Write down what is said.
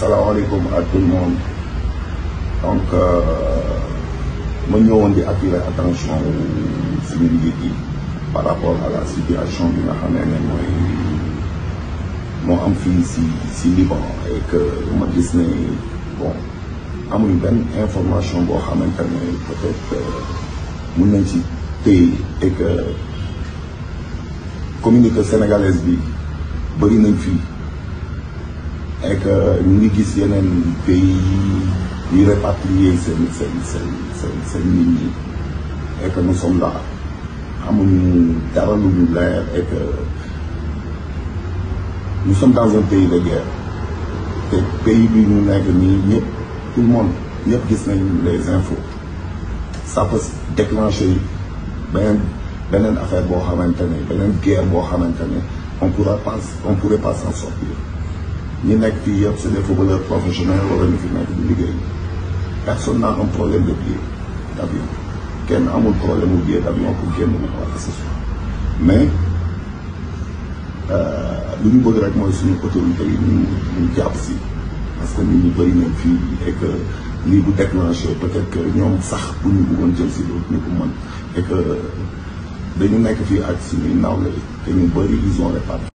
salaamaaleykum à tout donc euh, ma ñëwoon di attirer attention suñu njiit yi par rapport à la situation bi nga xamee ne mooy moo am fii si si Liban et ma gis ne bon benn information boo xamante ne peut-être euh, mun nañ ci téye et que communauté bi bari nañ fii et que nous un pays yi et que nous sommes là ah, nous sommes dans un pays de guerre pays nous tout le monde les infos ça peut déclencher une ben, affaire guerre ne pourrait pas s'en sortir ñu nekk fii yëpp c'est des footballeurs professionnels wala ñu fi nekk di liggéey personne n'a un problème de billet d'avion kenn amul problème mu billet d'avion pour génn mu wala c'est sûr mais euh, lu ñu bëgg rek mooy suñu autorité yi ñu ñu jàpp si parce que nit bëri nañ fii et que lii bu déclenché peut-être que ñoom sax bu ñu bëggoon jël si dootuñu ko mën et dañu nekk fii ak suñuy nawle te ñu bëri ils ont réparti